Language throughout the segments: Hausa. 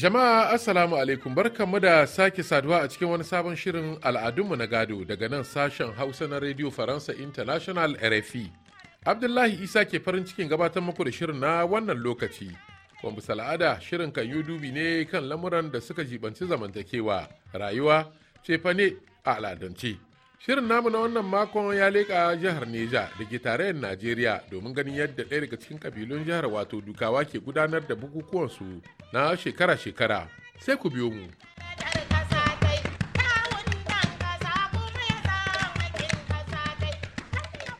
Jama'a Assalamu alaikum barkanmu da sake saduwa a cikin wani sabon shirin al'adunmu na gado daga nan sashen Hausa na Radio Faransa International RFI. Abdullahi Isa ke farin cikin gabatar muku da shirin na wannan lokaci. Kuma al'ada shirin kan yi dubi ne kan lamuran da suka jibanci zamantakewa, rayuwa, cefane a al'adance. Shirin namu na wannan makon ya leƙa jihar Neja da ke tarayyar Najeriya domin ganin yadda ɗaya daga cikin kabilun jihar wato Dukawa ke gudanar da bukukuwansu na shekara-shekara. Sai ku biyo mu.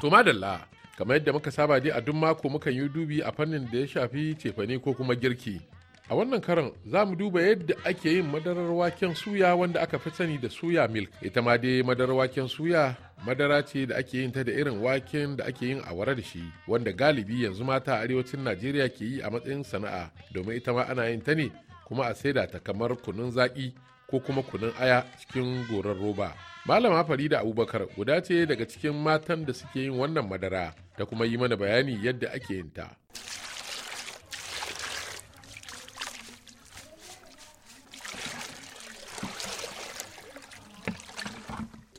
To madalla, kamar yadda muka saba dai a duk mako mukan yi dubi a fannin da ya shafi cefane ko kuma girki. A wannan karan za mu duba yadda ake yin madarar waken suya wanda aka fi sani da suya milk. Ita ma dai madarar waken suya madara ce da ake yin ta da irin waken da ake yin awara da shi wanda galibi yanzu mata a arewacin Najeriya ke yi a matsayin sana'a domin ita ma ana yin ta ne kuma a saida ta kamar kunun zaki ko kuma kunun aya cikin goron roba. Malama Farida Abubakar guda ce daga cikin matan da suke yin wannan madara ta kuma yi mana bayani yadda ake yin ta.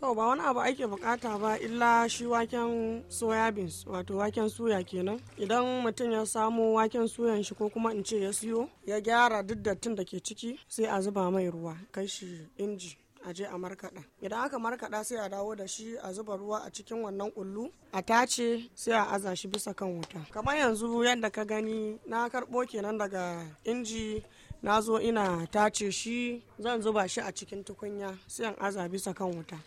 to ba wani abu ake bukata ba illa shi waken soya beans wato waken suya kenan idan mutum ya samo waken suyan shi ko kuma in ce ya siyo ya gyara duk dattin da ke ciki sai a zuba mai ruwa kai shi inji a je a markaɗa idan aka markaɗa sai a dawo da shi a zuba ruwa a cikin wannan kullu a tace sai a aza shi bisa kan wuta kamar yanzu yadda ka gani na karɓo kenan daga inji na zo ina tace shi zan zuba shi a cikin tukunya sai in aza bisa kan wuta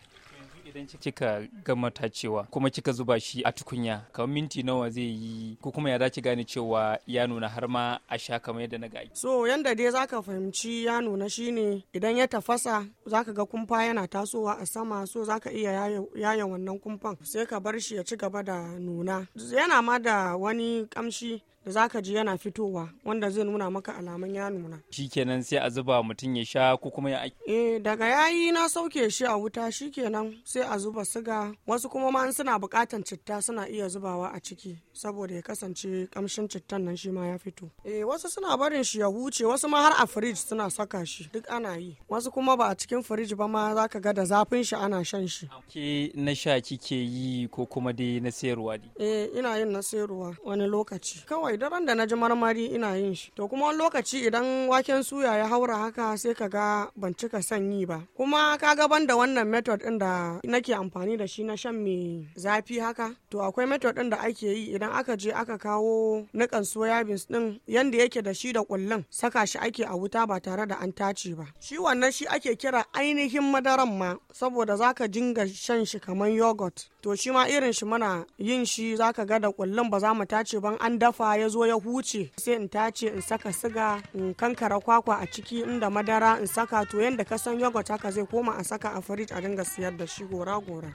idan kika gama tacewa kuma kika zuba shi a tukunya kamar minti nawa zai yi ko kuma ya dace gane cewa ya nuna har ma a sha kamar yadda na gaki so yanda dai zaka fahimci ya nuna shine idan ya tafasa zaka ga kumfa yana tasowa a sama so zaka iya yaya wannan kumfan sai ka bar shi ya ci gaba da nuna yana ma da wani kamshi za ka ji yana fitowa wanda zai nuna maka alamun ya nuna shikenan sai a zuba mutum ya sha ko kuma ya eh daga yayi na sauke shi a wuta shikenan sai a zuba siga wasu kuma ma suna bukatan citta suna iya zubawa a ciki saboda ya kasance kamshin cittan nan shi ma ya fito eh wasu suna barin shi ya huce wasu ma har a firij suna saka shi duk ana yi wasu kuma ba a cikin firij ba ma za ka ga da zafin shi ana shan shi ke na sha kike yi ko kuma dai na sayarwa eh ina yin na sayarwa wani lokaci kawai daren da na ji marmari ina yin shi to kuma wani lokaci idan waken suya ya haura haka sai ka ga ban cika son yi ba kuma ka gaban da wannan method din da nake amfani da shi na shan mai zafi haka to akwai method din da ake yi idan aka je aka kawo nikan soya beans din yanda yake da shi da kullun saka shi ake a wuta ba tare da an tace ba shi wannan shi ake kira ainihin madaran ma saboda zaka jinga shan shi kamar yogurt to shi ma irin shi mana yin shi zaka ga da kullun ba za mu tace ban an dafa ya zo ya huce sai in tace in saka siga in kankara kwakwa a ciki inda madara in saka to yadda ka san yogurt haka zai koma a saka a firij a dinga siyar da shi gora gora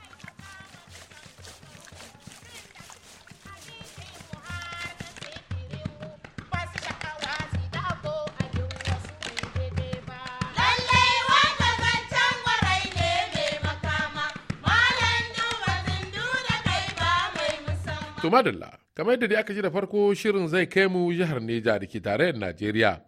To madalla, kamar yadda dai aka ji da farko shirin zai kai mu jihar Neja da ke tarayyar Najeriya.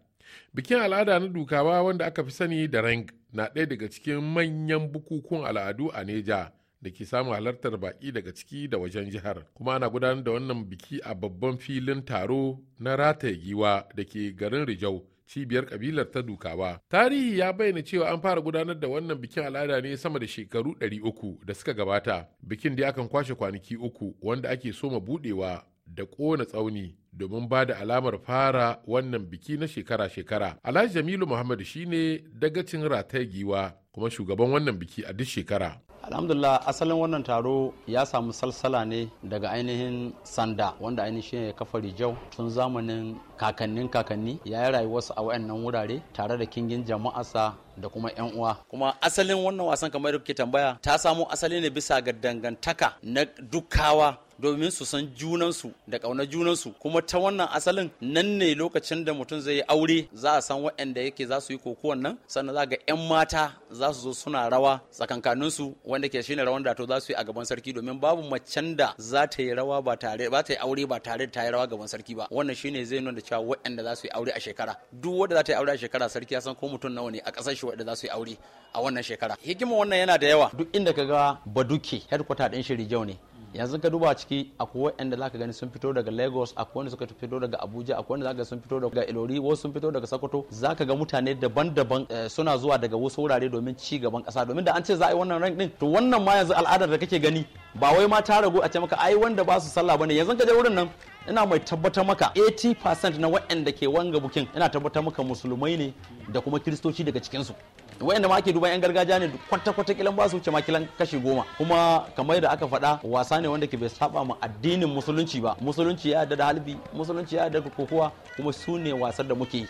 Bikin al'ada na dukawa wanda aka fi sani da Rang na ɗaya daga cikin manyan bukukuwan al'adu a Neja da ke samun halartar baƙi daga ciki da wajen jihar. Kuma ana gudanar da wannan biki a babban filin taro na rataye giwa da ke garin Rijau cibiyar kabilar ta dukawa tarihi ya bayyana cewa an fara gudanar da wannan bikin al'ada ne sama da shekaru ɗari uku da suka gabata bikin da akan kwashe kwanaki uku wanda ake soma budewa da ƙona tsauni domin ba da alamar fara wannan biki na shekara-shekara. Alhaji Jamilu Muhammad shine dagacin rataye giwa kuma shugaban wannan biki a duk shekara. alhamdulillah asalin wannan taro ya samu salsala ne daga ainihin sanda wanda ainihin ya kafa rijau tun zamanin kakannin kakanni ya yi rayuwarsu a wayannan wurare tare da kingin jama'arsa da kuma 'yan uwa kuma asalin wannan wasan kamar da kuke tambaya ta samo asali ne bisa ga dangantaka na dukkawa domin su san junansu da kauna junansu kuma ta wannan asalin nan ne lokacin da mutum zai yi aure za a san waɗanda yake za su yi kokuwan nan sannan za ga 'yan mata za su zo suna rawa tsakankaninsu wanda ke shine rawan da to za su yi a gaban sarki domin babu macen da za ta yi rawa ba tare ba ta yi aure ba tare da ta yi rawa gaban sarki ba wannan shine zai nuna cewa waɗanda za su yi aure a shekara duk wanda za ta yi aure a shekara sarki ya san ko mutum nawa ne a ƙasar shi waɗanda za su yi aure a wannan shekara hikima wannan yana da yawa duk inda ka ga baduke headquarter ɗin shirijau ne yanzu ka duba ciki akwai waɗanda zaka gani sun fito daga Lagos akwai wanda suka fito daga Abuja akwai wanda zaka sun fito daga Ilori wasu sun fito daga Sokoto zaka ga mutane daban-daban eh, suna zuwa daga wasu wurare domin ci gaban ƙasa domin da an ce za a yi wannan rank din to wannan ma yanzu al'adar da kake gani ba wai ma ta ragu a ce maka ai wanda ba su sallah bane yanzu ka je wurin nan ina mai tabbatar maka 80% na waɗanda ke wanga bukin ina tabbatar maka musulmai ne da kuma kiristoci daga cikinsu Waɗanda ma ake duban yan gargajiya ne kwata kwata kilan ba su wuce ma kilan kashi goma kuma kamar da aka faɗa wasa ne wanda ke bai saba ma addinin musulunci ba musulunci ya da halbi musulunci ya da kokowa kuma su ne wasar da muke yi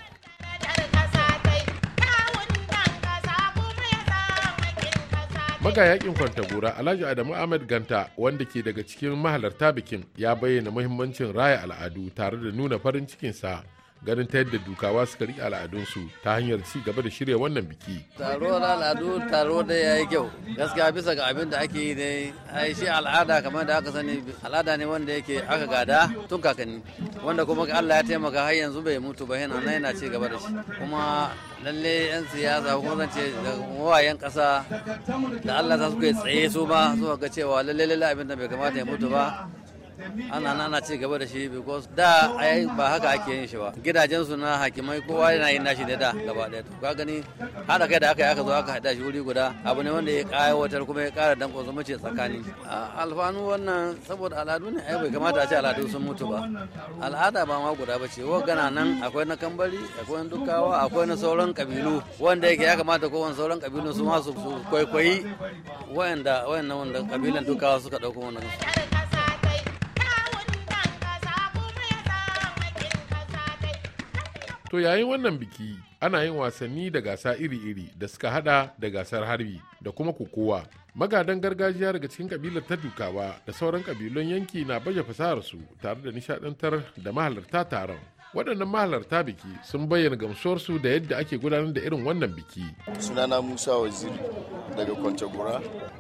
magayakin kwantagura alhaji adamu ahmed ganta wanda ke daga cikin mahalarta bikin ya bayyana muhimmancin raya al'adu tare da nuna farin cikinsa ganin ta yadda dukawa suka riƙe al'adunsu ta hanyar ci gaba da shirya wannan biki. Taro na al'adu taro da ya yi kyau gaskiya bisa ga abin da ake yi dai ai shi al'ada kamar da aka sani al'ada ne wanda yake aka gada tun kakanni wanda kuma Allah ya taimaka har yanzu bai mutu ba yana yana ci gaba da shi kuma lalle yan siyasa ko zan ce wayan kasa da Allah za su kai tsaye su ba su ga cewa lalle lalle abin da bai kamata ya mutu ba ana nana ci gaba da shi because da ai ba haka ake yin shi ba gidajen su na hakimai kowa yana yin nashi da da gaba daya to ka gani haɗa kai da aka yi aka zo aka haɗa shi wuri guda abu ne wanda ya kayawatar kuma ya kara danko zumunci tsakani alfanu wannan saboda al'adu ne ai bai kamata a ce al'adu sun mutu ba al'ada ba ma guda ba ce wa gana nan akwai na kambari akwai na dukawa akwai na sauran kabilu wanda yake ya kamata kowane sauran kabilu su ma su kwaikwayi wayanda wayannan wanda kabilan dukawa suka dauko wannan To yayin wannan biki ana yin wasanni da gasa iri-iri da suka hada da gasar harbi da kuma kokowa. Magadan gargajiya daga cikin kabilar ta dukawa da sauran kabilun yanki na baje fasaharsu tare da nishadantar da mahalarta taron. waɗannan mahalarta biki sun bayyana gamsuwarsu da yadda ake gudanar da irin wannan biki. Sunana Musa Waziri daga Kwantagora.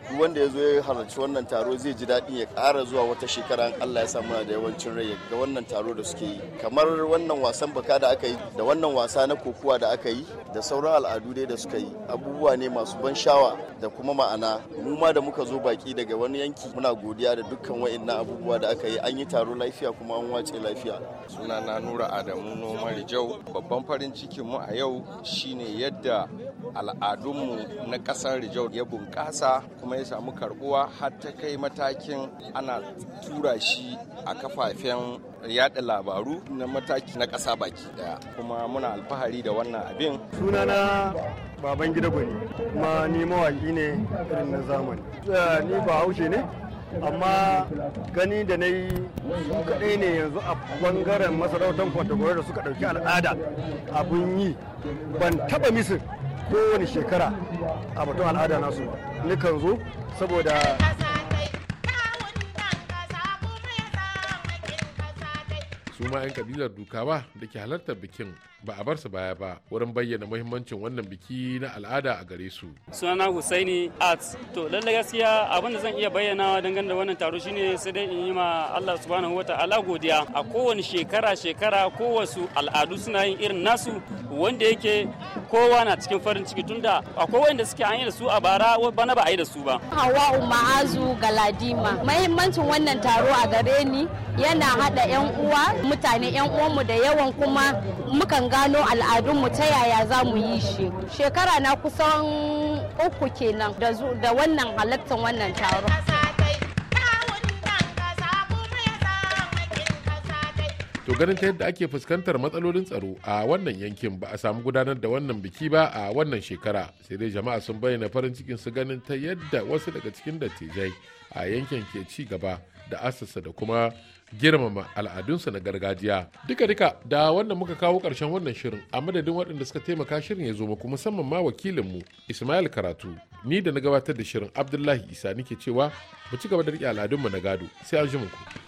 Duk wanda ya zo ya halarci wannan taro zai ji daɗin ya ƙara zuwa wata shekara Allah ya samu da yawancin rai ga wannan taro da suke yi. Kamar wannan wasan baka da aka yi da wannan wasa na kokuwa da aka yi da sauran al'adu dai da suka yi abubuwa ne masu ban sha'awa, da kuma ma'ana mu ma da muka zo baki daga wani yanki muna godiya da dukkan wa'annan abubuwa da aka yi an yi taro lafiya kuma an wace lafiya. Suna na Nura Adamu Nomar Jau babban farin cikin mu a yau shine yadda al'adunmu na ƙasar Rijau ya bunƙasa kuma ya samu karbuwa har ta kai matakin ana tura shi a kafafen yada labaru na mataki na ƙasa baki daya kuma muna alfahari da wannan abin sunana baban gida gwani kuma ni mawaki ne irin na zamani ni ba haushe ne amma gani da na yi kaɗai ne yanzu a bangaren masarautar kwantagoro da suka ɗauki al'ada abun yi ban taɓa misir kowane shekara a batun al'ada nasu nikan zo saboda su ma 'yan kabilar dukawa da ke halartar bikin ba a bar su baya ba wurin bayyana muhimmancin wannan biki na al'ada a gare su. Sunana Husaini Arts. To lalle gaskiya abin da zan iya bayyana dangane da wannan taro shine sai dai in yi ma Allah subhanahu wataala godiya. A kowane shekara shekara kowasu al'adu suna yin irin nasu wanda yake kowa na cikin farin ciki tunda akwai wanda suke an yi da su a bara bana ba a yi da su ba. Hawa Ma'azu Galadima. Muhimmancin wannan taro a gare ni yana hada 'yan uwa mutane 'yan uwanmu da yawan kuma mukan gano al'adunmu ta yaya za mu yi shi shekara na kusan uku kenan da wannan halattar wannan taron To ganin ta yadda ake fuskantar matsalolin tsaro a wannan yankin ba a samu gudanar da wannan biki ba a wannan shekara sai dai jama'a sun bayyana farin cikin su ganin ta yadda wasu daga cikin dattijai a yankin ke ci gaba da asasa da kuma girmama al'adunsa na gargajiya duka duka da wannan muka kawo ƙarshen wannan shirin a madadin waɗanda suka taimaka shirin ya zo muku musamman ma wakilinmu ismail karatu ni da na gabatar da shirin abdullahi isa nike cewa mu ci gaba da riƙe al'adunmu na gado sai an ji muku